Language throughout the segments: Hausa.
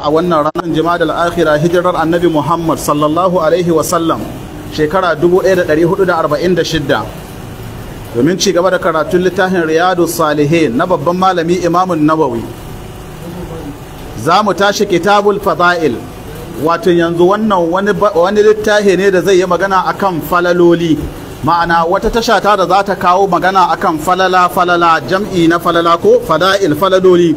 a wannan ranar jima'a al'akhira hijirar annabi muhammad sallallahu alaihi wasallam shekara 1446 domin ci gaba da karatun littafin riyadu Salihe na babban malami imamun nawawi za mu tashi kitabul fada'il wato yanzu wannan wani littafi ne da zai yi magana akan falaloli ma'ana wata tasha ta da za ta kawo magana akan falala falala jam'i na falala ko fada'il falaloli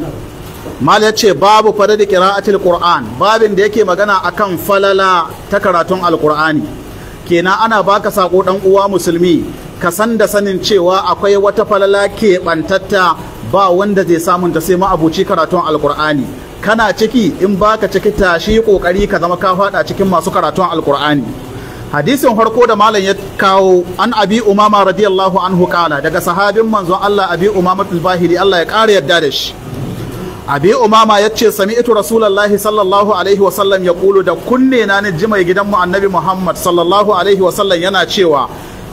mal ya ce babu fadar qira'atil qur'an babin da yake magana akan falala ta karatun alqur'ani Kena ana baka sako dan uwa musulmi ka san da sanin cewa akwai wata falala ke keɓantatta ba wanda zai samun ta sai ma'abuci karatun alqur'ani kana ciki in baka ciki tashi kokari ka zama ka fada cikin masu karatun alqur'ani hadisin farko da malam ya kawo an abi umama radiyallahu anhu kala daga sahabin manzon Allah abi umama al-bahiri Allah ya ƙara yadda da shi abi umama ya ce sami'tu rasulallahi sallallahu alaihi wasallam ya kulu da kunne na ni ji gidan mu annabi muhammad sallallahu alaihi wasallam yana cewa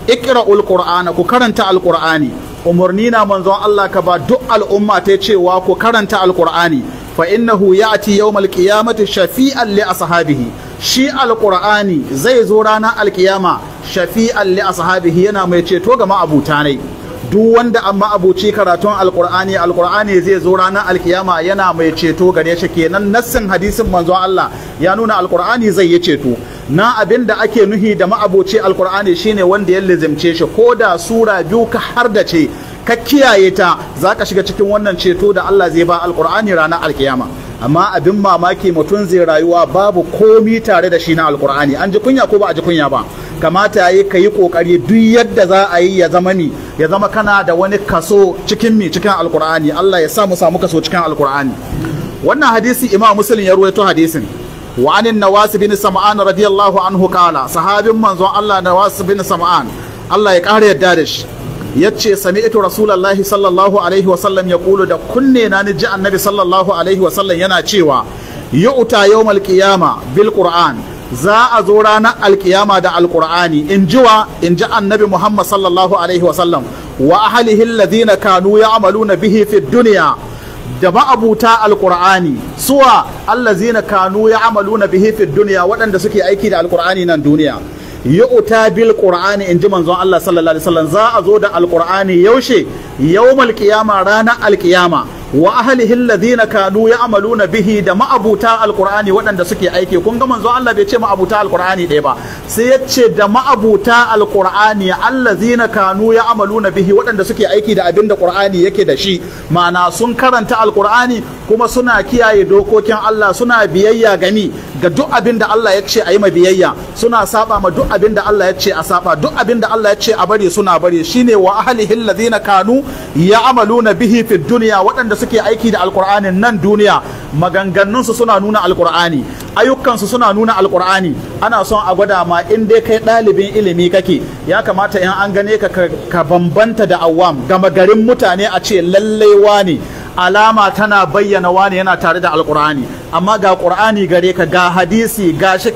ikra'ul qur'ana ku karanta alqur'ani umarni na manzon Allah ka ba duk al'umma ta cewa ku karanta alqur'ani fa innahu ya'ti yawmal qiyamati shafi'an li ashabihi shi alqur'ani zai zo ranar alqiyama shafi'an li ashabihi yana mai ceto ga ma'abuta ne duk wanda amma abuci karatun alkur'ani alkur'ani zai zo ranar alkiyama yana mai ceto gare shi kenan nassin hadisin manzon Allah ya nuna alkur'ani zai yi ceto na abin da ake nuhi da ma'aboci alkur'ani shine wanda ya lizimce shi ko da sura biyu ka har da ce ka kiyaye ta za ka shiga cikin wannan ceto da Allah zai ba alkur'ani ranar alkiyama amma abin mamaki mutum zai rayuwa babu komi tare da shi na alkur'ani an ji kunya ko ba a ji kunya ba kamata yi ka yi kokari duk yadda za a yi ya zama ni ya zama kana da wani kaso cikin mi cikin alkur'ani Allah ya sa mu samu kaso cikin alkur'ani wannan hadisi imam muslim ya ruwaito hadisin wa anin nawas bin sam'an radiyallahu anhu kala sahabin manzon Allah nawas bin sam'an Allah ya ƙara yadda da shi yace sami'tu rasulullahi sallallahu alaihi wa sallam yaqulu da kunne na ni ji annabi sallallahu alaihi wa sallam yana cewa yu'ta yawmal qiyama bil qur'an za a zo ranar alkiyama da alkur'ani in in ji annabi muhammad sallallahu alaihi wasallam wa ahalihi alladhina kanu ya'maluna bihi fi duniya da ma'abuta alkur'ani suwa allazina kanu ya'maluna bihi fi duniya waɗanda suke aiki da alkur'ani nan duniya yu'ta bil qur'ani inji manzon Allah sallallahu alaihi wasallam za a zo da alkur'ani yaushe yawmal qiyama ranar alkiyama wa ahlihi alladhina kanu ya'maluna bihi da ma'abuta alqur'ani waɗanda suke aiki kun ga manzo Allah bai ce ma'abuta alqur'ani ɗaya ba sai ya ce da ma'abuta alqur'ani alladhina kanu ya'maluna bihi waɗanda suke aiki da abinda kur'ani qur'ani yake da shi ma'ana sun karanta alqur'ani kuma suna kiyaye dokokin Allah suna biyayya gani ga duk abin da Allah ya ce a yi ma biyayya suna saba ma duk abin da Allah ya ce a saba duk abinda da Allah ya ce a bari suna bari shine wa ahlihi alladhina kanu ya'maluna bihi fid dunya waɗanda suke aiki da alkur'ani nan duniya maganganunsu suna nuna alkur'ani ayyukansu suna nuna alkur'ani ana son a gwada ma in dai kai ɗalibin ilimi kake ya kamata in an gane ka ka bambanta da awam gama garin mutane a ce lallai wane alama tana bayyana wani yana tare da alkur'ani amma ga qur'ani gare ka ga hadisi ga shi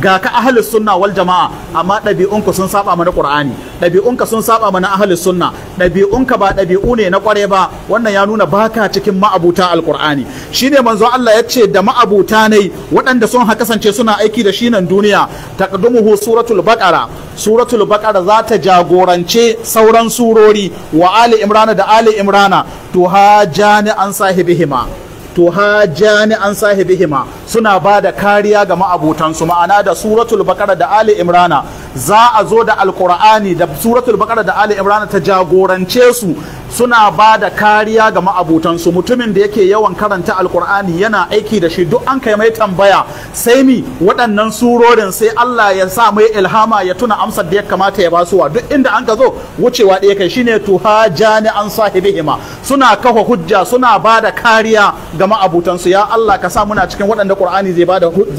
ga ka ahlus sunna wal jama'a amma ɗabi'unku sun saba mana qur'ani ɗabi'unka sun saba mana ahlus sunna ɗabi'unka ba ɗabi'u ne na kware ba wannan ya nuna baka cikin ma'abuta alqur'ani shine manzo Allah ya ce da ma'abuta ne waɗanda sun ha kasance suna aiki da shi nan duniya taqdumuhu suratul baqara suratul baqara za ta jagorance sauran surori wa ali imrana da ali imrana tuhajani an sahibihima to ha jami'an sahibihima suna ba da kariya ga ma'abutansu ma'ana da suratul bakara da ali imrana za a zo da alkur'ani da suratul bakar da ali imran ta jagorance su suna ba da kariya ga ma'abutansu mutumin da yake yawan karanta alkur'ani yana aiki da shi duk an kai mai tambaya sai mi waɗannan surorin sai Allah ya sa mai ilhama ya tuna amsar da ya kamata ya basuwa duk inda an ka zo wucewa ɗaya kai shine ha jani an sahibihima suna kafa hujja suna ba da kariya ga ma'abutansu ya Allah ka sa muna cikin waɗanda qur'ani zai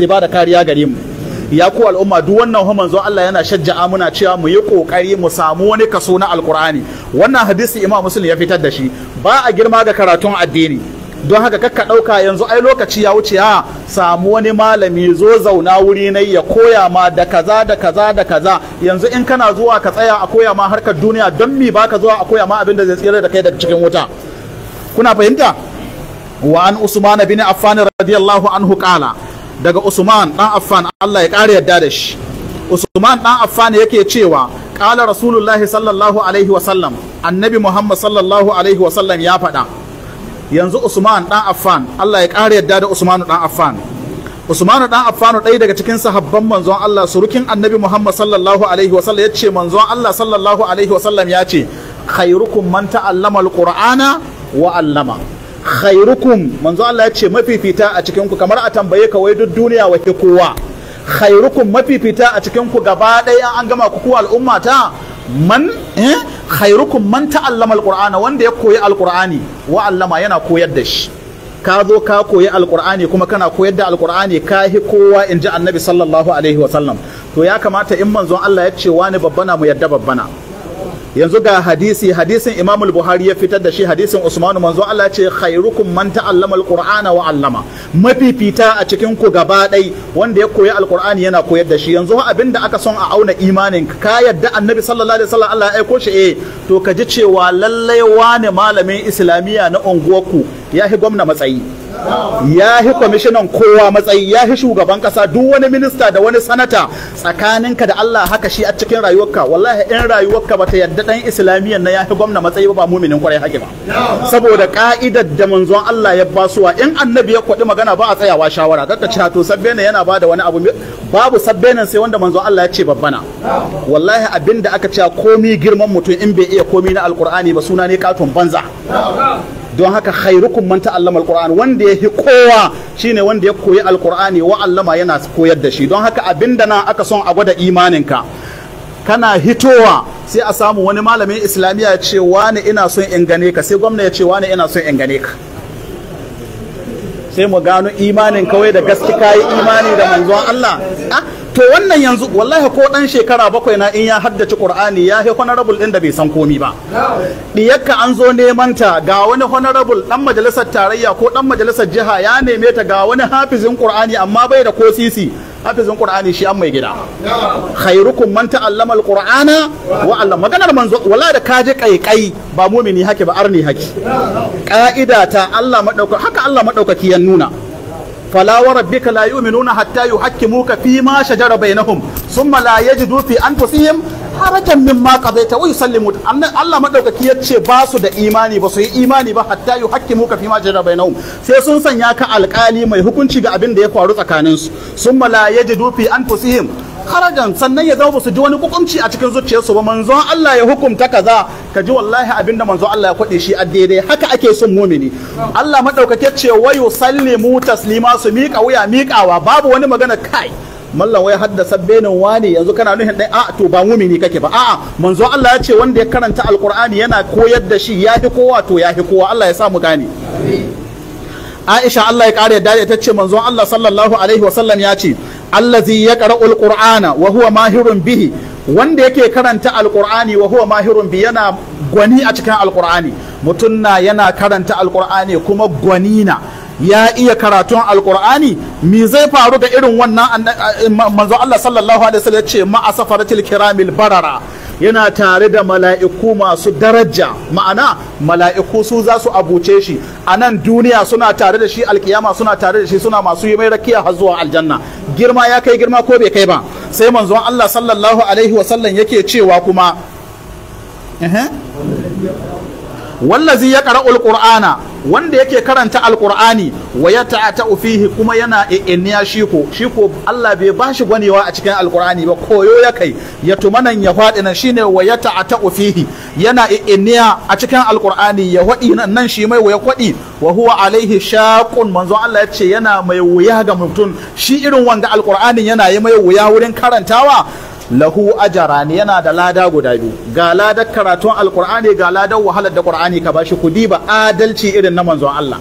ba da kariya gare mu ya ku al'umma duk wannan hu manzon Allah yana shajja'a muna cewa mu yi kokari mu samu wani kaso na alqur'ani wannan hadisi imam muslim ya fitar da shi ba a girma ga karatun addini don haka kakka ɗauka yanzu ai lokaci ya wuce ha ah, samu wani malami zo zauna wuri na ya koya ma da kaza da kaza da kaza yanzu in kana zuwa ka tsaya a koya ma harkar duniya don mi baka zuwa a koya ma abin da zai tsira da kai daga cikin wuta kuna fahimta wa an usman bin affan radiyallahu anhu qala daga Usman dan Affan Allah ya ƙara yadda da shi Usman dan Affan yake cewa qala Rasulullahi sallallahu alaihi wa sallam Annabi Muhammad sallallahu alaihi wa sallam ya faɗa yanzu Usman dan Affan Allah ya ƙara yadda da Usman dan Affan Usman dan Affan ɗaya daga cikin sahabban manzon Allah surukin Annabi Muhammad sallallahu alaihi wa sallam yace manzon Allah sallallahu alaihi wa sallam yace khairukum man ta'allama al-Qur'ana wa 'allama khairukum manzo Allah ya ce mafifita a cikin ku kamar a tambaye ka wai duk duniya wake kowa khairukum mafifita a cikin ku gaba ɗaya an gama ku kuwa al'umma ta man eh khairukum man ta'allama alqur'ana wanda ya koyi alqur'ani wa allama yana koyar da shi ka zo ka koyi alqur'ani kuma kana koyar da alqur'ani ka hi kowa in ji annabi sallallahu alaihi sallam. to ya kamata in manzon Allah ya ce wani babbana mu yadda babbana yanzu ga hadisi hadisin Imam Buhari ya fitar da shi hadisin Usman manzo Allah ce khairukum man ta'allama al wa 'allama mafifita a cikin ku gaba dai wanda ya koyi al yana koyar da shi yanzu abinda aka son a auna imanin ka yadda Annabi sallallahu alaihi wasallam Allah ya aiko shi eh to ka ji cewa lallai wane malamin Islamiyya na unguwarku ya hi gwamna matsayi ya fi kwamishinan kowa matsayi ya fi shugaban kasa duk wani minista da wani sanata tsakaninka da Allah haka shi a cikin rayuwarka wallahi in rayuwarka bata yadda dan islamiyya na ya fi gwamna matsayi ba muminin kwarai haƙi ba saboda ka'idar da manzon Allah ya basuwa in annabi ya kwaɗi magana ba a tsayawa shawara kakka cewa to sabbe ne yana bada wani abu babu sabbe nan sai wanda manzon Allah ya ce babbana wallahi abinda aka ce komi girman mutum in bai iya komi na alkur'ani ba suna ne katon banza don haka khairukum man ta'allama alquran wanda yafi kowa shine wanda ya koyi alqurani wa allama yana koyar da shi don haka abinda na aka son a gwada imaninka kana hitowa sai a samu wani malamin islamiyya ce wani ina son in gane ka sai gwamna ya ce wani ina son in gane ka sai mu gano imanin kawai da gaske yi imani da manzon Allah ah, to wannan yanzu wallahi ko dan shekara bakwai na in ya haddace qur'ani ya he honorable din da bai san komi ba diyakka an zo neman ta ga wani honorable dan majalisar tarayya ko dan majalisar jiha ya neme ta ga wani hafizin qur'ani amma bai da ko sisi hafizin qur'ani shi an mai gida khairukum man ta'allama alqur'ana wa 'allama maganar manzo wala da kaje kaikai ba mumini hake ba arni hake ka'ida ta Allah madauka haka Allah madaukaki ya nuna fala wa nuna la yu'minuna hatta yuhakkimuka fi ma shajara bainahum thumma la yajidu fi anfusihim harajan mimma qadaita wa yusallimu annan Allah madaukaki yace ba su da imani ba su yi imani ba hatta yuhakkimuka fi ma shajara bainahum sai sun sanya ka alkali mai hukunci ga abin da ya faru tsakaninsu thumma la yajidu fi harajan sannan ya zama su ji wani hukunci a cikin zuciyarsu ba manzon Allah ya hukunta kaza ka ji wallahi abinda manzon Allah ya kwade shi a daidai haka ake son mumini Allah madaukake ce wa yusallimu taslima su miƙa wuya miƙawa babu wani magana kai mallan wai haddasa benin wani yanzu kana nuhin dai a to ba mumini kake ba a'a manzo Allah ya ce wanda ya karanta alqur'ani yana koyar da shi ya fi kowa to ya fi kowa Allah ya sa mu gane Aisha Allah ya kare yadda ta ce manzo Allah sallallahu alaihi wasallam ya ce allazi yaqra'u alqur'ana wa huwa mahirun bihi wanda yake karanta alqur'ani wa huwa mahirun bi yana gwani a cikin alqur'ani mutum na yana karanta alqur'ani kuma gwani na ya iya karatun alqur'ani me zai faru ga irin wannan eh, manzo Allah sallallahu alaihi wasallam ya ce ma asafaratil kiramil barara yana tare da mala'iku masu daraja ma'ana mala'iku su za su abuce shi a nan duniya suna tare da shi alkiyama suna tare da shi suna masu yi mai rakiya har zuwa aljanna girma ya kai girma ko bai kai ba sai manzon Allah sallallahu alaihi wa sallam yake cewa kuma wallazi ya ƙara qur'ana wanda yake karanta Alƙur'ani wa yata'atu fihi kuma yana inniya shi ko shi ko Allah bai bashi gwanewa a cikin Alƙur'ani ba koyo ya kai ya tumanan ya faɗi nan shine wa yata'atu fihi yana inniya a cikin Alƙur'ani. ya hwadi nan nan shi mai waya kwadi wa huwa alaihi shaqun manzo Allah ya ce yana mai wuya ga mutum shi irin wanda alqur'anin yana yi mai wuya wurin karantawa lahu ajarani yana da lada guda biyu ga ladar karatun alkur'ani ga ladar wahalar da qur'ani ka bashi ku ba adalci irin na manzon Allah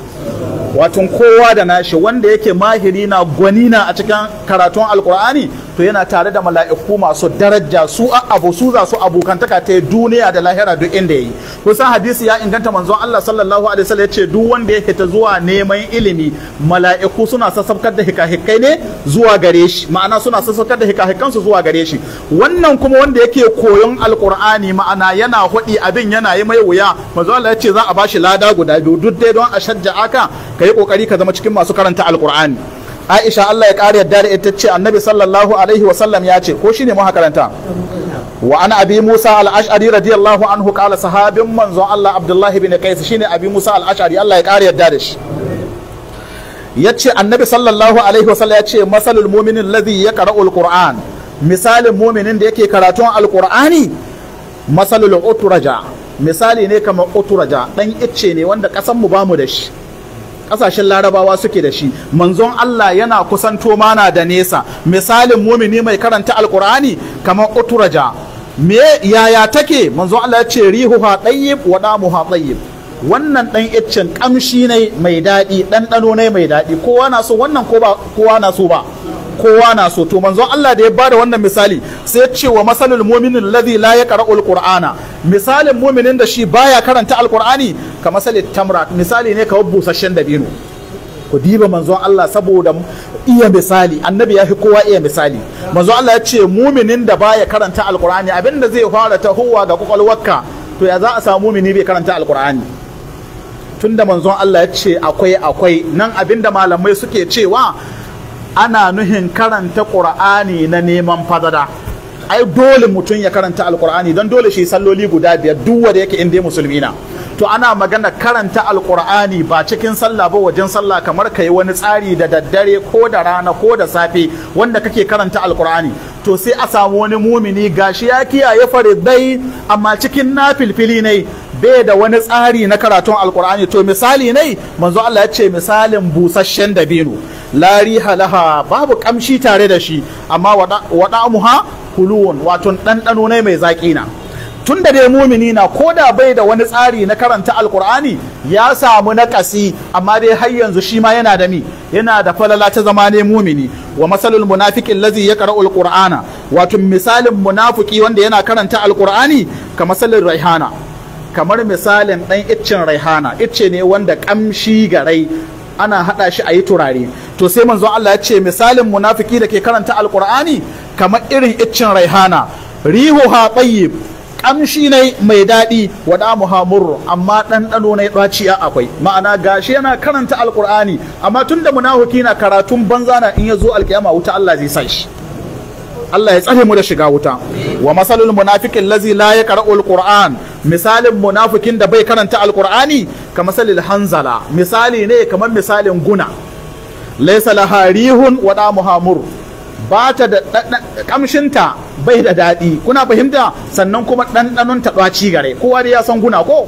wato kowa da nashi wanda yake mahiri na gwanina a cikin karatun alkur'ani to yana tare da mala'iku masu daraja su a abu su za su abokantaka ta duniya da lahira duk inda ya yi. kusan hadisi ya inganta manzon Allah sallallahu alaihi wasallam yace duk wanda ya fita zuwa neman ilimi mala'iku suna sassaukar da hikahikai ne zuwa gare shi ma'ana suna sassaukar da hikahikan su zuwa gare shi wannan kuma wanda yake koyon alqur'ani ma'ana yana hudi abin yana yi mai wuya manzon Allah yace za a bashi lada guda biyu duk dai don a shajja aka kai kokari ka zama cikin masu karanta alqur'ani aisha Allah ya ƙara yadda da ita ce annabi sallallahu alaihi wa sallam ya ce ko shine mu karanta wa ana abi musa al-ash'ari radiyallahu anhu qala sahabin manzo Allah Abdullahi ibn qais shine abi musa al-ash'ari Allah ya ƙara yadda da shi yace annabi sallallahu alaihi wa sallam ya ce masalul mu'minin alladhi yaqra'u al-qur'an misalin mu'minin da yake karatun al-qur'ani masalul uturaja misali ne kamar uturaja dan icce ne wanda kasan mu bamu da shi kasashen larabawa suke da shi manzon Allah yana kusanto mana da nesa misalin mumini mai karanta alkur'ani kamar uturaja me yaya take manzon Allah ya ce ha tayyib wa ha tayyib wannan dan iccen kamshi ne mai daɗi ɗanɗano ne mai daɗi kowa na so wannan kowa na so ba kowa na so to manzon Allah da ya bada wannan misali sai ya ce wa masalul mu'minin alladhi la yaqra'ul qur'ana misalin mu'minin da shi baya karanta alqur'ani ka masalit tamra misali ne ka busasshen dabino ku diba manzon Allah saboda iya misali annabi ya fi kowa iya misali manzon Allah ya ce muminin da baya karanta alqur'ani abinda zai fara tahowa ga kwakwalwarka to ya za a samu mumini bai karanta alqur'ani tunda manzon Allah ya ce akwai akwai nan abinda malamai suke cewa ana nuhin karanta ƙur'ani na neman fadada ai dole mutum ya karanta alƙur'ani don dole shi salloli guda biyar duk wanda yake inda musulmi na to ana magana karanta alkur'ani ba cikin sallah ba wajen sallah kamar ka yi wani tsari da daddare ko da rana ko da safe wanda kake karanta alkur'ani to sai a samu wani mumini gashi ya kiyaye faridai amma cikin na filfili ne bai da wani tsari na karatun alkur'ani to misali ne manzo Allah ya ce misalin busasshen dabino la riha laha babu kamshi tare da shi amma wada muha kuluwon wato ɗanɗano ne mai zaƙi na tun da dai mumini na ko da bai da wani tsari na karanta alkur'ani ya samu nakasi. amma dai har yanzu shi ma yana da mi yana da falala ta zama ne mumini wa masalul munafiqin lazi ya qara'u alqur'ana wato misalin munafiki wanda yana karanta alqur'ani ka masalin raihana kamar misalin ɗan iccen raihana icce ne wanda kamshi garai ana haɗa shi a yi turare to sai manzo Allah ya ce misalin munafiki da ke karanta alkur'ani kamar irin iccen raihana rihuha tayyib kamshi ne mai daɗi wa muhamur amma ɗanɗano ne ɗaciya akwai ma'ana gashi yana karanta alƙur'ani amma tun da munafiki na karatun banza na in ya zo alƙiyama wuta Allah zai sa shi Allah ya tsare mu da shiga wuta wa masalul munafiqin lazi la yaqra'u alquran misalin munafikin da bai karanta alqur'ani ka masalil hanzala misali ne kamar misalin guna laysa laharihun wa damu ba ta da kamshinta bai da daɗi kuna fahimta sannan kuma ɗanɗanon ta ɗaci gare kowa da ya san guna ko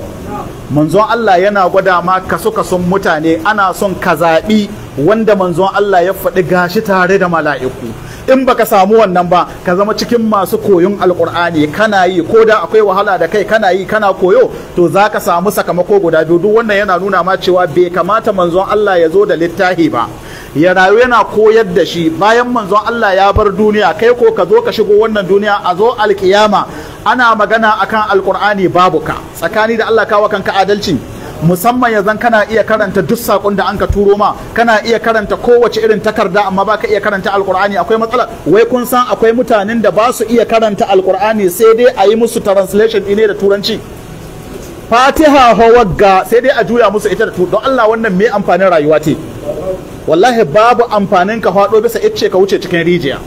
manzon Allah yana gwada ma kaso kason mutane ana son ka zaɓi wanda manzon Allah ya faɗi gashi tare da mala'iku in baka samu wannan ba ka zama cikin masu koyon alkur'ani kana yi ko da akwai wahala da kai kana yi kana koyo to za ka samu sakamako guda biyu duk wannan yana nuna ma cewa bai kamata manzon Allah ya zo da littafi ba ya rayu yana koyar da shi bayan manzon Allah ya bar duniya kai ko ka zo ka shigo wannan duniya a zo alkiyama ana magana akan alkur'ani babu ka tsakani da Allah kawo kanka adalci musamman yanzu kana iya karanta duk sakon da anka turo ma kana iya karanta kowace irin takarda amma baka iya karanta alkur'ani akwai matsala wai kun san akwai mutanen da ba su iya karanta alkur'ani sai dai a yi musu translation ine da turanci fatiha hawagga sai dai a juya musu ita da don Allah wannan me amfanin rayuwa ce wallahi babu amfanin ka faɗo bisa ice ka wuce cikin rijiya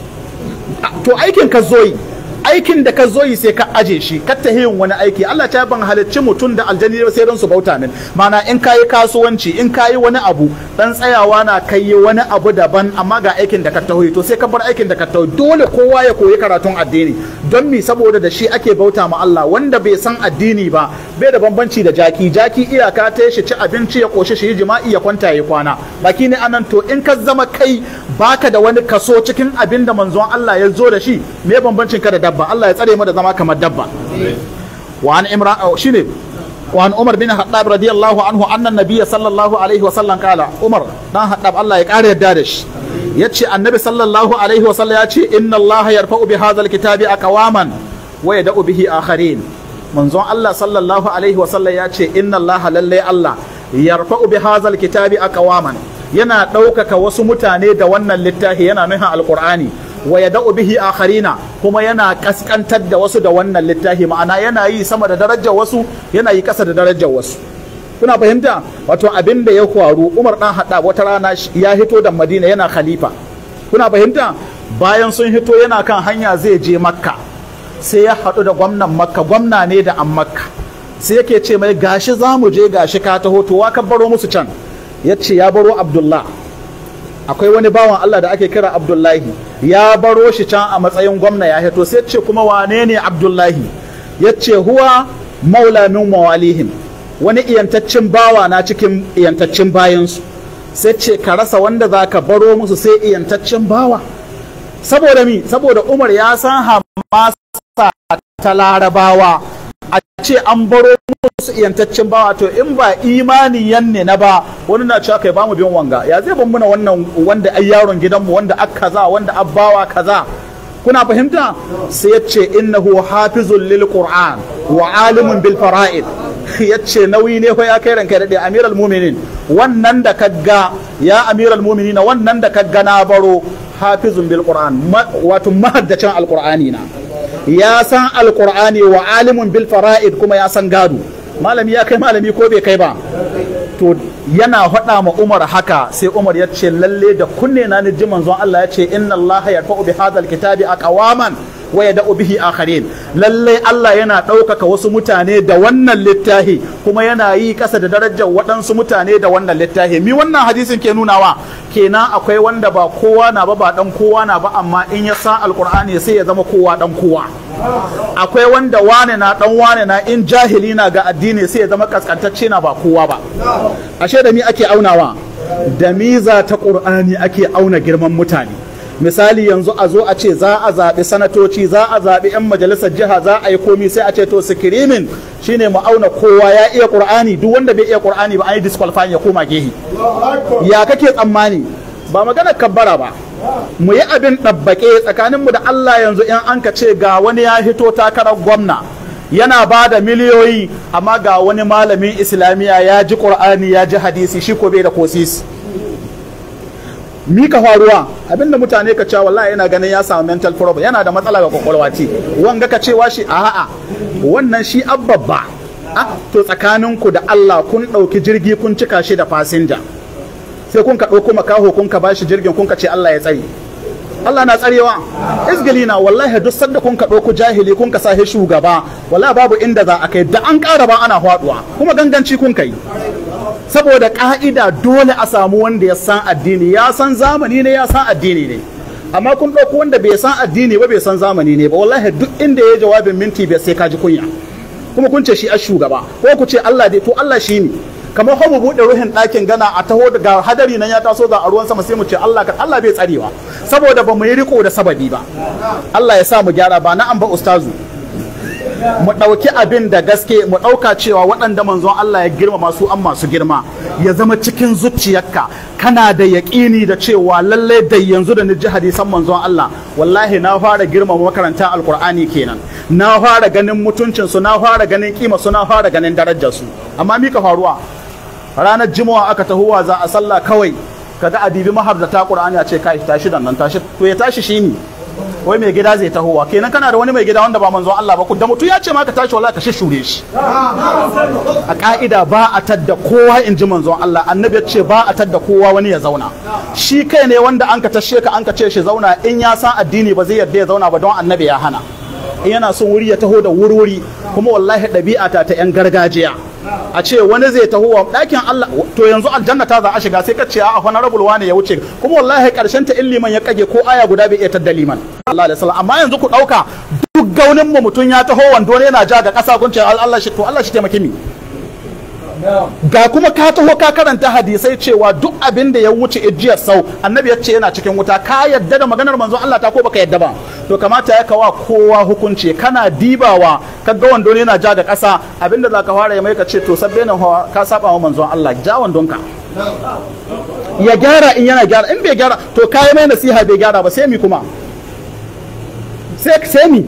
to aikin ka zo yi aikin da ka zo yi sai ka aje shi ka ta yin wani aiki Allah ta ban halicci mutum da aljani sai don su bauta min mana in ka yi kasuwanci in ka yi wani abu dan tsayawa na kai wani abu daban amma ga aikin da ka taho to sai ka bar aikin da ka taho dole kowa ya koyi karatun addini don mi saboda da shi ake bauta ma Allah wanda bai san addini ba bai da bambanci da jaki jaki iyaka ta shi ci abinci ya koshi shi jima'i ya kwanta ya kwana baki ne anan to in ka zama kai baka da wani kaso cikin abin da manzon Allah ya zo da shi me bambancin ka da dabba dabba Allah ya tsare mu da zama kamar dabba wa Imran imra oh, shine wa an umar bin khattab radiyallahu anhu anna nabiy sallallahu alaihi wa sallam kala umar dan khattab Allah ya kare yadda da shi yace annabi sallallahu alaihi wa sallam yace inna Allah yarfa'u bi hadha alkitabi aqwaman wa yada'u bihi akharin manzon Allah sallallahu alaihi wa sallam yace inna Allah lalle Allah yarfa'u bi hadha alkitabi aqwaman yana ɗaukaka wasu mutane da wannan littafi yana nuna alqur'ani wa ya da'u bihi akharina kuma yana kaskantar da wasu da wannan littafi ma'ana yana yi sama da darajar wasu yana yi kasa da darajar wasu kuna fahimta wato abin da ya kwaru Umar dan hada wata rana ya hito da Madina yana khalifa kuna fahimta bayan sun hito yana kan hanya zai je Makka sai ya haɗu da gwamnan Makka gwamna ne da an Makka sai yake ce mai gashi zamu je gashi ka taho to wa ka baro musu can ya ce ya baro Abdullah akwai wani bawan Allah da ake kira Abdullahi ya baro shi can a matsayin gwamna ya to sai ce kuma wane ne Abdullahi ya ce huwa maula min mawalihim wani iyantaccen bawa na cikin iyantaccen bayansu sai ce ka rasa wanda za ka baro musu sai iyantaccen bawa saboda mi saboda Umar ya san hamasa ta larabawa a ce an baro musu iyantaccen bawa to in ba imani yanne na ba wani na cewa kai ba mu bin wanga ya zai ban muna wannan wanda ai yaron gidanmu wanda ak kaza wanda abbawa kaza kuna fahimta sai ya ce innahu hafizul lil qur'an wa alimun bil fara'id ya ce nauyi ne fa ya kai ranka daɗe amiral muminin wannan da kagga ya amiral muminin wannan da kagga na baro hafizun bil qur'an wato mahaddacin alqur'ani na ya san alkur'ani wa alimun bil fara'id kuma ya san gado malami ya kai malami ko bai kai ba to yana faɗa ma Umar haka sai Umar ya ce lalle da kunne na ni ji manzon Allah ya ce inna Allah yarfa'u bi hadha alkitabi aqwaman Waya da bihi akharin lallai Allah yana ɗaukaka wasu mutane da wannan littafi kuma yana yi ƙasa da darajar waɗansu mutane da wannan littafi mi wannan hadisin ke nunawa kenan akwai wanda ba kowa na ba ba dan kowa na ba amma in ya sa alqur'ani sai ya zama kowa dan kowa akwai wanda wane na dan wane na in jahili na ga addini sai ya zama kaskantacce na ba kowa ba ashe da mi ake aunawa da miza ta qur'ani ake auna girman mutane misali yanzu a zo a ce za a zaɓi sanatoci za a zaɓi 'yan majalisar jiha za a yi komi sai a ce to sikirimin shine mu auna kowa ya iya ƙur'ani duk wanda bai iya ƙur'ani ba an yi disqualifying ya koma gehi ya kake tsammani ba magana kabbara ba mu yi abin ɗabbaƙe tsakaninmu da Allah yanzu in an ka ce ga wani ya hito takarar gwamna yana ba da miliyoyi amma ga wani malamin islamiyya ya ji ƙur'ani ya ji hadisi shi ko bai da kosisi Mika ka faruwa abinda mutane ka cewa wallahi yana ganin ya samu mental problem yana da matsala ga kwakwalwa ce wanga ka cewa shi a wannan shi abbabba ah to tsakaninku da Allah kun ɗauki jirgi kun cika shi da fasinja sai kun ka ɗauko makaho kun ka bashi jirgin kun ka ce Allah ya tsare Allah na tsarewa izgili na wallahi duk sanda kun ka ɗauko jahili kun ka sa shugaba wallahi babu inda za a kai da an ƙara ba ana faɗuwa kuma ganganci kun kai saboda ka'ida dole a samu wanda ya san addini ya san zamani ne ya san addini ne amma kun ɗauko wanda bai san addini ba bai san zamani ne ba wallahi duk inda ya jawabin minti bai sai kaji kunya kuma kun ce shi a shugaba ko ku ce Allah dai to Allah shi ne kamar mu buɗe ruhin ɗakin gana a taho daga hadari nan ya taso ga ruwan sama sai mu ce Allah ka. Allah bai tsarewa saboda ba mu yi riko da sababi ba Allah ya sa mu gyara ba na an ba ustazu mu ɗauki abin da gaske mu ɗauka cewa waɗanda manzon Allah ya girmama su an masu girma ya zama cikin zuciyarka kana da yaƙini da cewa lallai da yanzu da ni ji hadisan manzon Allah wallahi na fara girma makarantar alkur'ani kenan na fara ganin mutuncin su na fara ganin kima su na fara ganin darajar su amma mika faruwa ranar jimawa aka tahowa za a sallah kawai kaga adibi da ta qur'ani a ce kai tashi dan nan tashi to ya tashi shi ne wai mai gida zai tahowa kenan kana da wani mai gida wanda ba manzo Allah ba ku? da mutu ya ce maka tashi wallahi ka shure shi a ka'ida ba a tadda kowa in ji manzon Allah annabi ya ce ba a tadda kowa wani ya zauna shi kai ne wanda an ka tashe ka an ka ce shi zauna in ya san addini ba zai yarda ya zauna ba don annabi ya hana in yana son wuri ya taho da wurwuri kuma wallahi ɗabi'a ta ta 'yan gargajiya a ce wani zai taho ɗakin Allah to yanzu aljanna ta za a shiga sai ka ce a honorable wane ya wuce kuma wallahi karshen ta illiman ya kage ko aya guda bai iya tadda liman Allah amma yanzu ku ɗauka duk gaunin mu mutum ya taho wando ne yana ja ga kasa kun ce Allah shi to Allah shi taimake mi ga kuma ka taho ka karanta hadisai cewa duk abin da ya wuce ijiyar sau annabi ya ce yana cikin wuta ka yadda da maganar manzon Allah ta ko baka yadda ba to kamata ya kawa kowa hukunci kana dibawa ga wando ne yana ja da ƙasa abin za ka fara ya mai ka ce to sabbe ne ka saba wa manzon Allah ja wandonka ya gyara in yana gyara in bai gyara to kai mai nasiha bai gyara ba sai mi kuma sai mi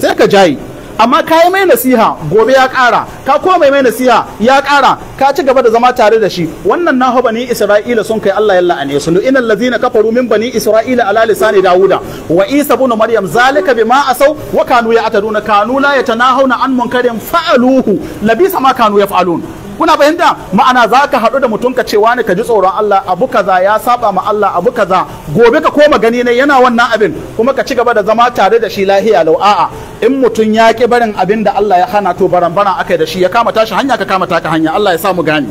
sai ka jayi amma ka yi mai nasiha gobe ya ƙara ka koma mai nasiha ya ƙara ka ci gaba da zama tare da shi wannan nahu bani isra'ila sun kai Allah ya la'ane su inal ladzina kafaru min bani isra'ila ala lisani dauda wa isa ibn maryam zalika bima asaw wa kanu ya'taduna kanu la na an munkarin fa'aluhu labisa ma kanu yaf'alun kuna fahimta ma'ana za ka haɗu da mutum ka cewa ne ka ji tsoron Allah abu kaza ya saba ma Allah abu kaza gobe ka koma gani ne yana wannan abin kuma ka ci gaba da zama tare da shi lahiya lau a'a in mutum ya ƙi barin abin da Allah ya hana to baran-baran aka da shi ya kama tashi hanya ka kama taka hanya Allah ya sa mu gane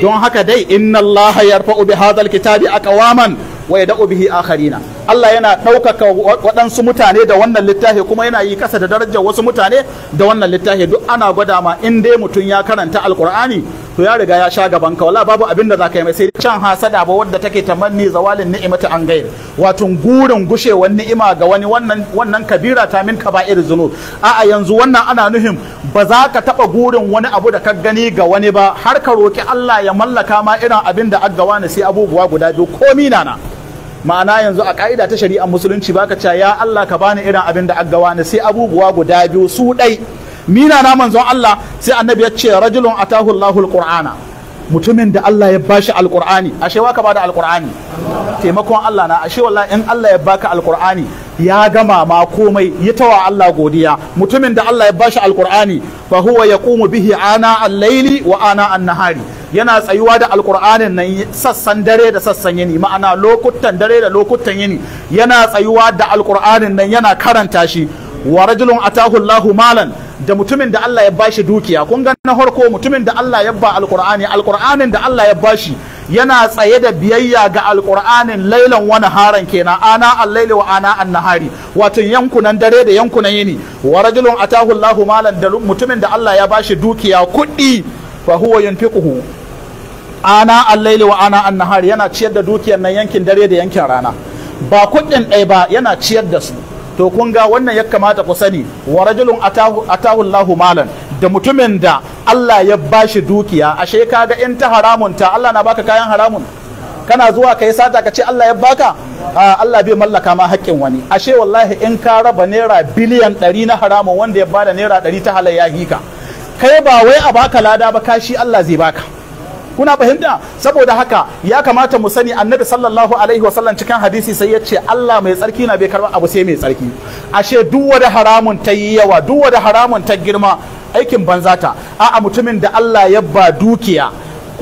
don haka dai inna Allah yarfa'u bi hadha a aqwaman wa yad'u bihi akharina Allah yana ɗaukaka waɗansu mutane da wannan littafi kuma yana yi kasa da darajar wasu mutane da wannan littafi duk ana gwada ma in dai mutum ya karanta alkur'ani to ya riga ya sha gaban ka wala babu abin da zaka yi mai sai can hasada ba wadda take tamanni zawalin ni'imata an gairi wato gurin wani ni'ima ga wani wannan wannan kabira ta min kaba'ir zunub a'a yanzu wannan ana nuhin ba za ka taba gurin wani abu da ka gani ga wani ba har ka roki Allah ya mallaka ma irin abin da aggawa ne sai abubuwa guda biyu komi na ma'ana yanzu a ka'ida ta shari'a musulunci baka cewa ya Allah ka bani irin abin da aggawa ne sai abubuwa guda biyu su dai mina na manzon Allah sai annabi ya ce rajulun atahu Allahu Qur'ana mutumin da Allah ya bashi alqur'ani ashe waka bada alqur'ani taimakon Allah na ashe wallahi in Allah ya baka alqur'ani ya gama ma komai ya tawa Allah godiya mutumin da Allah ya bashi alqur'ani fa huwa yaqumu bihi ana al-laili wa ana an-nahari yana tsayuwa da alkur'anin nan sassan dare da sassan yini ma'ana lokutan dare da lokutan yini yana tsayuwa da alkur'anin nan yana karanta shi wa rajulun atahu Allahu malan da mutumin da Allah ya bashi dukiya kun ga na farko mutumin da Allah ya ba alkur'ani alkur'anin da Allah ya bashi yana tsaye da biyayya ga alkur'anin lailan wani haran kenan ana allaili wa ana annahari wato yankunan dare da yankunan yini wa rajulun atahu Allahu malan da mutumin da Allah ya bashi dukiya kuɗi fa huwa ana allaili wa ana annahari yana ciyar da dukiyar nan yankin dare da yankin rana ba kuɗin ɗaya ba yana ciyar da su to kun ga wannan ya kamata ku sani wa rajulun atahu Allahu malan da mutumin da Allah ya bashi dukiya ashe kaga in ta haramun ta Allah na baka kayan haramun kana zuwa ka sata ka ce Allah ya baka Allah bai mallaka ma haƙƙin wani ashe wallahi in ka raba naira biliyan ɗari na haramun wanda ya bada naira ɗari ta halayya ka kai ba wai a baka lada ba kashi Allah zai baka kuna fahimta saboda haka ya kamata mu sani annabi sallallahu alaihi wasallam cikin hadisi sai ya ce Allah mai tsarki na bai karɓar abu sai mai tsarki ashe duk wani haramun ta yi yawa duk wani haramun ta girma aikin banzata a'a mutumin da Allah ya ba dukiya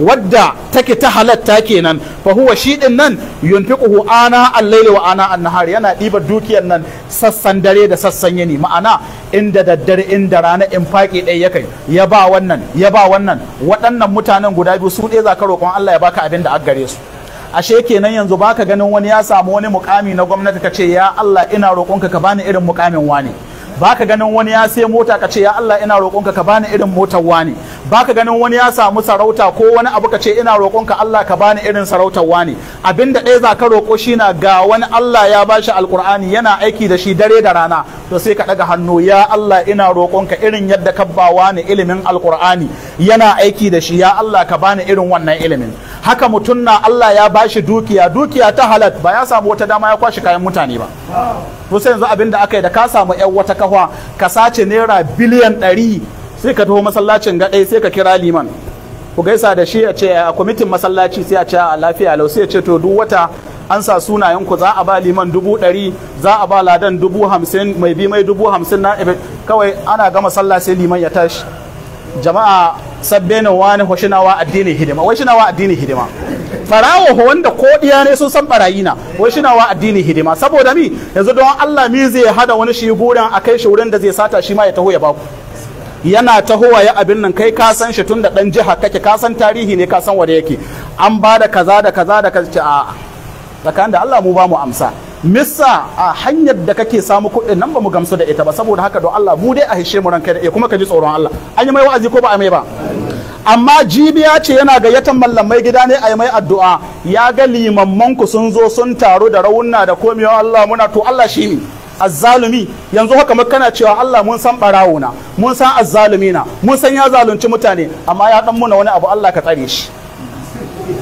wadda take ta halatta kenan fa huwa shi din nan yunfiquhu ana al-layli wa ana an-nahar yana diba dukiyar nan sassan dare da sassan yini ma'ana inda daddare inda rana in faƙi ɗaya ya kai ya ba wannan ya ba wannan waɗannan mutanen guda biyu su ɗaya zaka roƙon Allah ya baka abin da aggare su ashe kenan yanzu baka ganin wani ya samu wani mukami na gwamnati ka ce ya Allah ina roƙonka ka bani irin mukamin wani baka ganin wani ya sai mota ka ce ya Allah ina roƙonka ka bani irin motar wani baka ganin wani ya samu sarauta ko wani abu ka ce ina roƙonka Allah ka bani irin sarautar wani abinda ɗaya za ka roƙo shi na ga wani Allah ya bashi alƙur'ani yana aiki da shi dare da rana to sai ka ɗaga hannu ya Allah ina roƙonka irin yadda ka ba wani ilimin alƙur'ani yana aiki da shi ya Allah ka bani irin wannan ilimin haka mutum na Allah ya bashi dukiya dukiya ta halat ba ya samu wata dama ya kwashi kayan mutane ba kusa yanzu abin da aka yi da ka samu yan wata kahwa ka sace naira biliyan ɗari sai ka taho masallacin gaɗai sai ka kira liman ku gaisa da shi a ce a kwamitin masallaci sai a ce a lafiya lau sai ce to duk wata an sa sunayen ku za a ba liman dubu ɗari za a ba ladan dubu hamsin mai bi mai dubu hamsin na kawai ana gama sallah sai liman ya tashi jama'a sabbe na wani hoshinawa addinin hidima wai shinawa addinin hidima barawo wanda ko diya ne sun san barayi na wai shi wa addini hidima saboda mi yanzu don Allah mi zai hada wani shi burin a kai shi wurin da zai sata shi ma ya taho ya baku yana tahowa ya abin nan kai ka san shi tun da dan jiha kake ka san tarihi ne ka san wanda yake an ba da kaza da kaza da kaza a tsakanin da Allah mu ba mu amsa missa a hanyar da kake samu kuɗin nan ba mu gamsu da ita ba saboda haka don Allah mu dai a hishe mu ranka da eh, kuma ka ji tsoron Allah an yi mai wa'azi ko ba a mai ba amma jibiya ce yana gayyatan mallamai gida ne a yi mai addu'a ya ga limamman ku sun zo sun taru da raunna da komiyon Allah muna to Allah shi ne azzalumi yanzu haka muka kana cewa Allah mun san barawuna mun san azzalumi na mun san ya zalunci mutane amma ya dan muna wani abu Allah ka tsare shi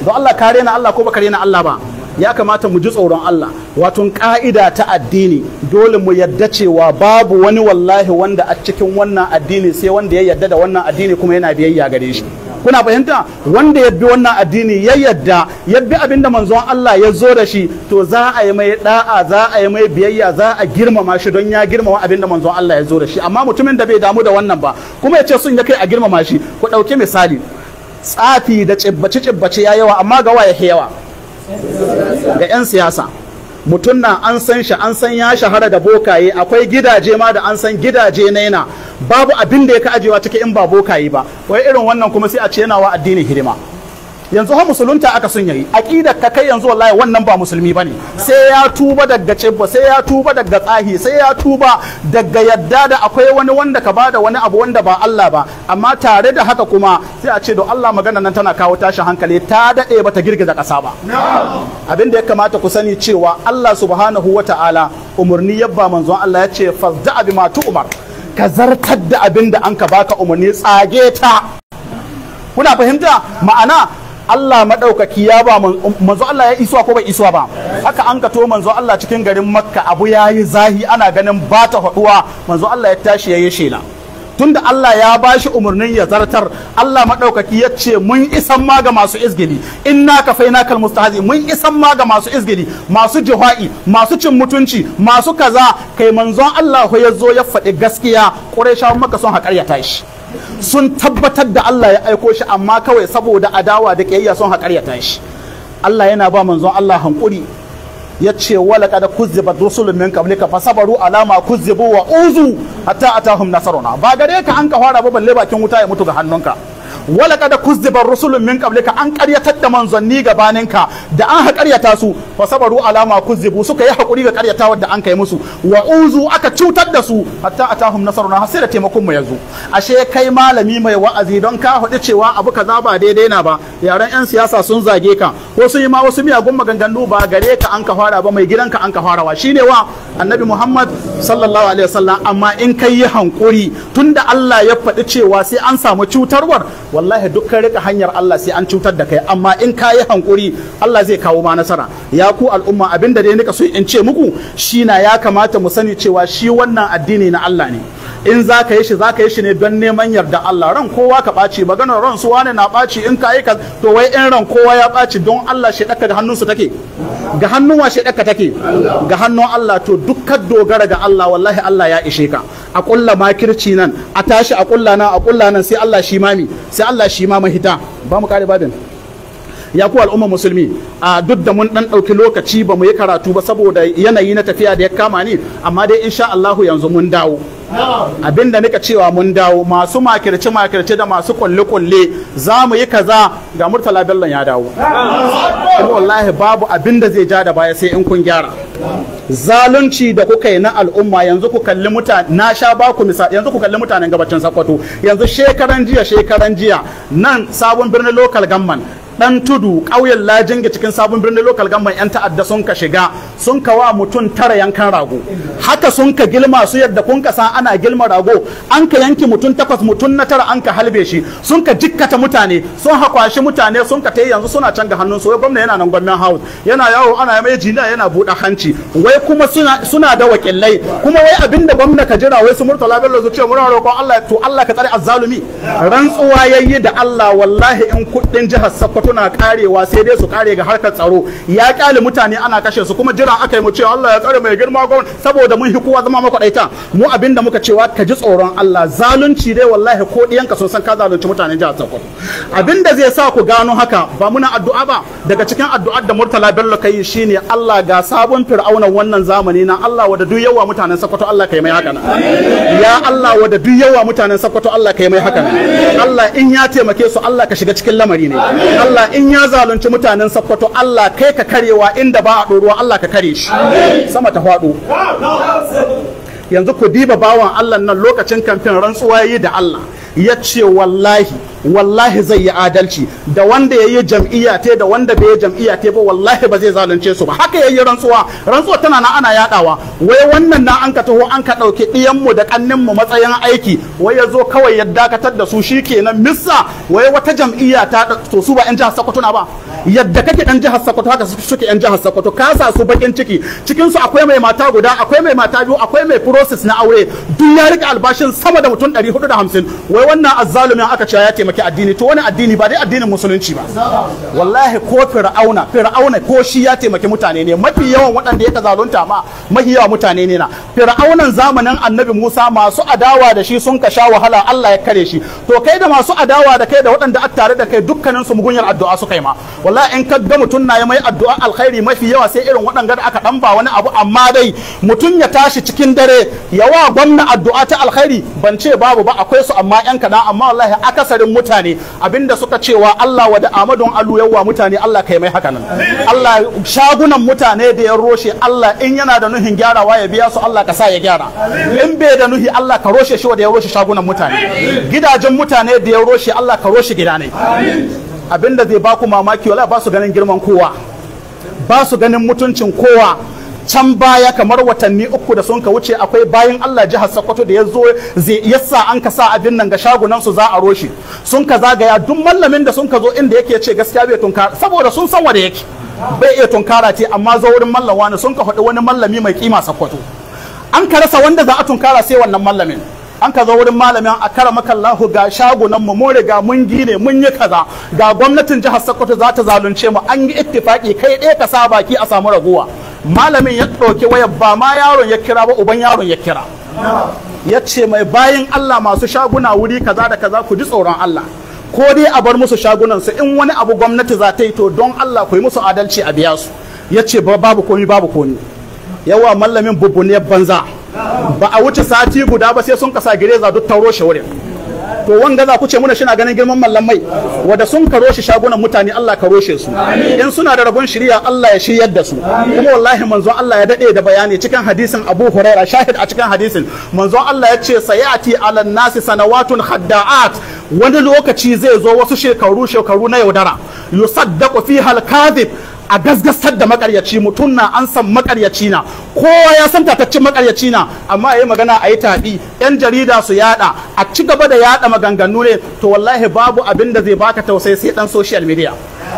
don Allah ka na Allah ko baka na Allah ba ya kamata mu ji tsoron Allah wato ka'ida ta addini dole mu yadda cewa babu wani wallahi wanda a cikin wannan addini sai wanda ya yadda da wannan addini kuma yana biyayya gare shi kuna fahimta wanda ya bi wannan addini ya yadda ya bi abinda manzon Allah ya zo da shi to za a yi mai da'a za a yi mai biyayya za a girmama shi don ya girmama abinda manzon Allah ya zo da shi amma mutumin da bai damu da wannan ba kuma ya ce sun ya kai a girmama shi ku ɗauki misali tsafi da cibbace cibbace ya yawa amma gawa ya yawa ga 'yan siyasa mutum na an san shi an san ya shahara da bokaye akwai gidaje ma da an san gidaje naina, babu abin da ya ka ajewa cike in ba bokaye ba wai irin wannan kuma sai a ce yana addinin hidima yanzu ha musulunta aka sun yayi aqidar ka kai yanzu wallahi wannan ba musulmi bane sai ya tuba daga cibba sai ya tuba daga tsahi sai ya tuba daga yadda da akwai wani wanda ka bada wani abu wanda ba Allah ba amma tare da haka kuma sai a ce do Allah magana nan tana kawo tashin hankali ta dade bata girgiza kasa ba abin da ya kamata ku sani cewa Allah subhanahu wata'ala umurni yabba manzon Allah ya ce fazda'a bima tu'mar ka zartar da abin da an ka baka umarni tsage ta kuna fahimta ma'ana Allah maɗaukaki ya ba manzo Allah ya isuwa ko bai iso ba haka an kato manzo Allah cikin garin makka abu ya yi zahi ana ganin bata ta manzo Allah ya tashi ya yi shela tunda Allah ya ba shi umarnin ya zartar Allah maɗaukaki ya ce mun isan ma ga masu izgili inna kafaina kal mustahazi mun isan ma ga masu izgili masu jihwa'i masu cin mutunci masu kaza kai manzon Allah ya zo ya faɗi gaskiya quraishawan maka son ya tashi. sun tabbatar da Allah ya aiko shi amma kawai saboda adawa da ƙiyayya sun ya shi Allah yana ba manzon Allah hankuri ya ce wala kada ba rusulun min ka fasabaru alama kuzzibu wa uzu hatta atahum nasaruna ba gare ka an ka fara ba balle bakin wuta ya mutu ga hannunka wala kada ba rusulun min ka an karyatar da manzanni gabaninka da an ha karyata su fasabaru alama alama kuzzibu suka yi hakuri ga karyatawar da an kai musu wa uzu aka cutar da su hatta atahum nasaruna har sai da taimakon mu yanzu. ashe kai malami mai wa'azi don ka faɗi cewa abu kaza ba daidai na ba yaran yan siyasa sun zage ka ko sun yi ma wasu miyagun maganganu ba gare ka an ka fara ba mai gidanka an ka fara wa shine wa annabi muhammad sallallahu alaihi wasallam amma in kai yi hankuri tunda allah ya faɗi cewa sai an samu cutarwar wallahi dukkan rika hanyar allah sai an cutar da kai amma in ka yi hankuri allah zai kawo ma nasara ya ku al'umma abin da dai nika so in ce muku Shina ya kamata mu sani cewa shi wannan addini na allah ne in za ka yi shi za ka yi shi ne don neman yarda allah ran kowa ka ɓaci maganar ran su wane na ɓaci in ka yi ka to wai in ran kowa ya ɓaci don Allah ɗaka ga hannunsu take ga hannun shi ɗaka take ga hannun Allah to dukkan dogara ga Allah wallahi Allah ya ishe ka a kulla makirci nan a tashi a kulla nan a kulla nan sai Allah shi mami sai Allah shi ma mahita ba mu kare babin ya ku al'umma musulmi a duk da mun ɗan ɗauki lokaci ba mu yi karatu ba saboda yanayi na tafiya da ya kama ni amma dai insha Allahu yanzu mun dawo abinda nika cewa mun dawo masu makirce makirce da masu kulle kulle za mu yi kaza ga murtala bello ya dawo wallahi babu abinda zai ja da baya sai in kun gyara zalunci da kuka yi na al'umma yanzu ku kalli mutane na sha ba ku misali yanzu ku kalli mutanen gabacin sakkwato yanzu shekaran jiya shekaran jiya nan sabon birnin local gamman dan tudu ƙauyen lajinga cikin sabon birnin lokal gamban yan ta'adda sun ka shiga sun ka wa mutum tara yankan rago haka sun ka gilma su yadda kun ka san ana gilma rago an ka yanki mutum takwas mutum na tara an ka halbe shi sun ka jikkata mutane sun hakwashi mutane sun ka ta yanzu suna canza hannun su gwamna yana nan gwamnan house yana yawo ana mai jina yana buɗe hanci wai kuma suna suna da wakilai kuma wai abinda gwamna ka jira wai su murtala bello su ce muna roƙon Allah to Allah ka tsare azzalumi rantsuwa yayi da Allah wallahi in kuɗin jihar Sokoto suna karewa sai dai su kare ga harkar tsaro ya kyale mutane ana kashe su kuma jira aka yi mu cewa Allah ya tsare mai girma gwamnati saboda mun hikuwa zama makwadaita mu abinda muka cewa ka ji tsoron Allah zalunci dai wallahi ko ka sun san ka zalunci mutanen jihar Sokoto abinda zai sa ku gano haka ba muna addu'a ba daga cikin addu'ar da Murtala Bello kai shine Allah ga sabon fir'auna wannan zamani na Allah wada duk yawa mutanen Sokoto Allah kai mai haka ya Allah wada duk yawa mutanen Sokoto Allah kai mai haka Allah in ya taimake su Allah ka shiga cikin lamari ne Allah in ya zalunci mutanen Sokoto Allah kai ka karewa inda ba a ɗoruwa Allah ka kare shi sama ta faɗo yanzu ku diba bawan Allah nan lokacin kamfen rantsuwa yi da Allah ya ce wallahi wallahi zai yi adalci da wanda ya yi jam'iyya te da wanda bai yi jam'iyya te ba wallahi ba zai zalunce su ba haka ya yi rantsuwa rantsuwa tana na ana yadawa wai wannan na an ka taho an ka ɗauki ɗiyanmu da ƙanninmu matsayin aiki wai ya zo kawai ya dakatar da su shi kenan missa wai wata jam'iyya ta to su ba 'yan jihar Sokoto na ba yadda kake ɗan jihar Sokoto haka suke 'yan jihar Sokoto ka sa su bakin ciki cikin su akwai mai mata guda akwai mai mata biyu akwai mai process na aure duk ya rike albashin sama da mutum 450 wai wannan azzalumin aka ce ya taimaki addini to wani addini ba dai addinin musulunci ba wallahi ko fir'auna fir'auna ko shi ya taimaki mutane ne mafi yawan waɗanda ya zalunta ma mafi yawa mutane ne na fir'aunan zamanin annabi musa masu adawa da shi sun ka sha wahala allah ya kare shi to kai da masu adawa da kai da waɗanda a tare da kai dukkanin su mugunyar addu'a su yi ma wallahi in ka ga mutum na yi mai addu'a alkhairi mafi yawa sai irin waɗanda aka dan ba wani abu amma dai mutum ya tashi cikin dare yawa gwamna addu'a ta alkhairi ban ce babu ba akwai su amma yan kaɗan amma wallahi akasarin mutane abinda suka cewa Allah wa da Amadun Alu yawa mutane Allah kai mai haka nan Allah shagunan mutane da ya roshe Allah in yana da nuhin gyarawa ya biya su Allah ka sa ya gyara in bai da nuhi Allah ka roshe shi da ya roshe shagunan mutane gidajen mutane da ya roshe Allah ka roshe gidanai abinda zai baku mamaki wala ba su ganin girman kowa ba su ganin mutuncin kowa can baya kamar watanni uku da sun ka wuce akwai bayan Allah jihar Sokoto da ya zo yasa an ka sa abin nan ga shagunan su za a roshi sun ka zagaya duk mallamin da sun ka zo inda yake ce gaskiya bai tunkara saboda sun san wanda yake bai iya tunkara ce amma zo wurin mallawa ne sun ka faɗi wani mallami mai kima Sokoto an ka rasa wanda za a tunkara sai wannan mallamin an ka zo wurin malamin a kara makallahu ga shagunan mu mun riga mun gine mun yi kaza ga gwamnatin jihar Sokoto za ta zalunce mu an yi ittifaki kai ɗaya ka sa baki a samu raguwa malamin ya ɗauki waya ba ma yaron ya kira ba uban yaron ya kira ya ce mai bayan Allah masu shaguna wuri kaza da kaza ku ji tsoron Allah ko dai a bar musu shagunan su in wani abu gwamnati za ta yi to don Allah ku yi musu adalci a biya su ya ce babu komi babu komi yawa mallamin ya banza ba a wuce sati guda ba sai sun kasa gireza duk tauro shi wurin to wanga za ku ce muna shina ganin girman mallan mai wanda sun karo shi shagunan mutane Allah ka roshe su in suna da rabon shiriya Allah ya shiryar da su kuma wallahi manzon Allah ya dade da bayani cikin hadisin Abu Huraira shahid a cikin hadisin manzon Allah ya ce sayati alan nasi sanawatun khadda'at wani lokaci zai zo wasu shekaru shekaru na yaudara yusaddaqu fiha al-kadhib a gasgasar da makaryaci mutum na an san makaryaci na kowa ya san tataccen makaryaci na amma a magana a yi taɗi yan jarida su yaɗa, a ci gaba da yada maganganu ne to wallahi babu abin da zai baka tausayi sai dan social media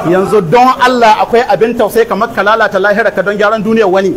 yanzu don Allah akwai abin tausayi kamar ka lalata lahira ka don gyaran duniyar wani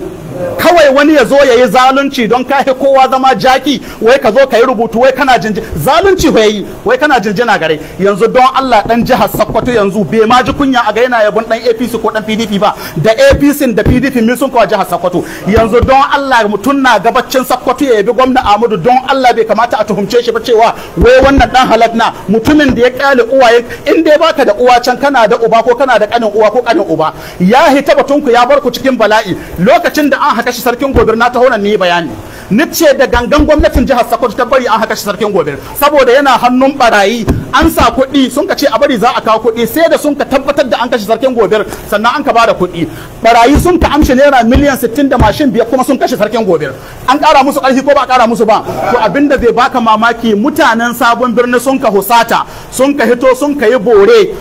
kawai wani ya zo ya yi zalunci don ka kowa zama jaki wai ka zo ka yi rubutu wai kana jinji zalunci wai yi wai kana jinjina gare yanzu don Allah dan jihar Sokoto yanzu bai ma ji kunya a ga yana yabon dan APC ko dan PDP ba da APC da PDP min sun kawo jihar Sokoto yanzu don Allah mutum na gabacin Sokoto ya yabi gwamna Ahmadu don Allah bai kamata a tuhumce shi ba cewa wai wannan dan halak mutumin da ya kyale uwa in dai baka da uwa can kana da uba ko kana da kanin uwa ko kanin uba ya hita ku ya bar ku cikin bala'i lokacin da an haka shi sarkin gobe na ta hauna ni bayani nice da gangan gwamnatin jihar Sokoto ta bari an haka shi sarkin gobir saboda yana hannun barayi an sa kuɗi sun ka ce a bari za a kawo kuɗi sai da sun ka tabbatar da an kashe sarkin gobir sannan an ka bada kuɗi barayi sun ka amshe naira miliyan 60 da mashin biyar kuma sun kashe sarkin gobe an kara musu ƙarfi ko ba a ƙara musu ba to abinda zai baka mamaki mutanen sabon birni sun ka husata sun ka hito sun ka yi bore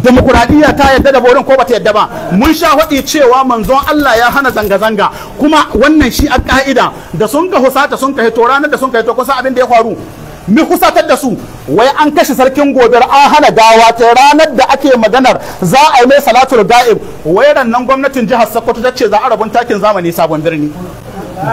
demokuraɗiyya ta yadda da borin ko bata yadda ba mun sha faɗi cewa manzon Allah ya hana zanga-zanga kuma wannan shi a ka'ida da sun ka husata sun ka hito ranar da sun ka hito kusa abin da ya faru mi husatar da su wai an kashe sarkin gobe an hana gawa ta ranar da ake maganar za a yi mai salatul ga'ib wai nan gwamnatin jihar Sokoto ta ce za a rabun takin zamani sabon birni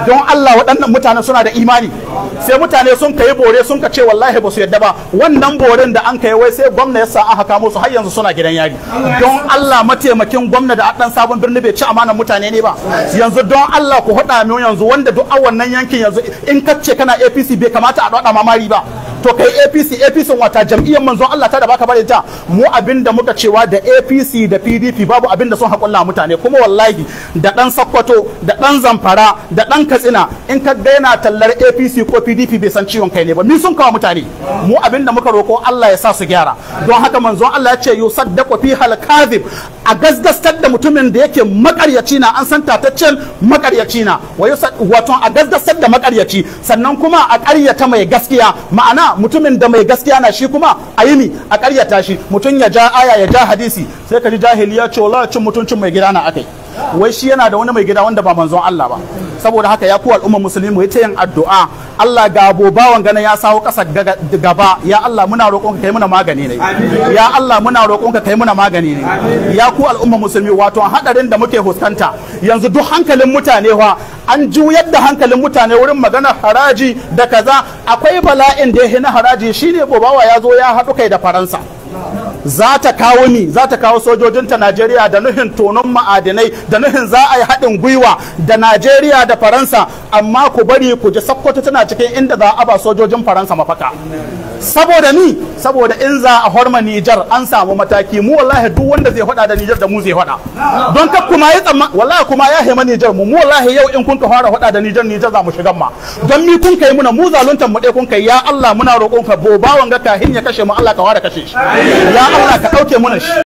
don Allah waɗannan mutane suna da imani sai mutane sun ka bore sun ka ce wallahi ba su yadda ba wannan boren da an kai wai sai gwamna ya sa aka kamo su har yanzu suna gidan yari don Allah mataimakin gwamna da ɗan sabon birni bai ci amanar mutane ne ba yanzu don Allah ku haɗa min yanzu wanda duk a wannan yankin yanzu in kace kana APC bai kamata a ɗaɗa mamari ba to kai APC APC wata jam'iyyar manzon Allah ta da baka bare ta mu abinda muka cewa da APC da PDP babu abinda sun hakulla mutane kuma wallahi da dan Sokoto da dan Zamfara da dan Katsina in ka daina tallar APC ko PDP bai san ciwon kai ne ba ni sun kawo mutane mu abinda muka roko Allah ya sa su gyara don haka manzon Allah ya ce yusaddaqu fi hal kadhib a gasgastar da mutumin da yake makaryaci na an san tataccen makaryaci na wato a gasgastar da makaryaci sannan kuma a ƙaryata mai gaskiya ma'ana mutumin da mai gaskiya na shi kuma a yi ni a ƙaryata shi mutum ya ja aya ya ja hadisi sai ka ji jahiliya cewa cin mutuncin mai gida na akai wai shi yana da wani mai gida wanda ba manzon Allah ba saboda haka ya ku al'umma musulmi mu ta yin addu'a Allah ga bawan gana ya sawo ƙasa gaba ya Allah muna roƙonka kai muna magani ne ya Allah muna roƙonka kai muna magani ne ya ku al'umma musulmi wato hadarin da muke fuskanta yanzu duk hankalin mutane wa an juyar da hankalin mutane wurin magana haraji da kaza akwai bala'in da ya hina haraji shine bobawa ya zo ya haɗu kai da faransa za ta kawo ni za ta kawo sojojinta Najeriya da nuhin tonon ma'adinai da nuhin za a yi haɗin gwiwa da Najeriya da Faransa amma ku bari ku ji sakkwato tana cikin inda za a ba sojojin Faransa mafaka saboda ni saboda in za a horma Nijar an samu mataki mu wallahi duk wanda zai faɗa da Nijar da mu zai faɗa don ka kuma yi tsamma wallahi kuma ya hema Nijar mu mu wallahi yau in kun ka fara faɗa da Nijar Nijar za mu shiga ma don mi kun kai muna mu zaluntan mu dai kun kai ya Allah muna roƙon ka bobawan ga kahin ya kashe mu Allah ka fara kashe shi ya Okay, ka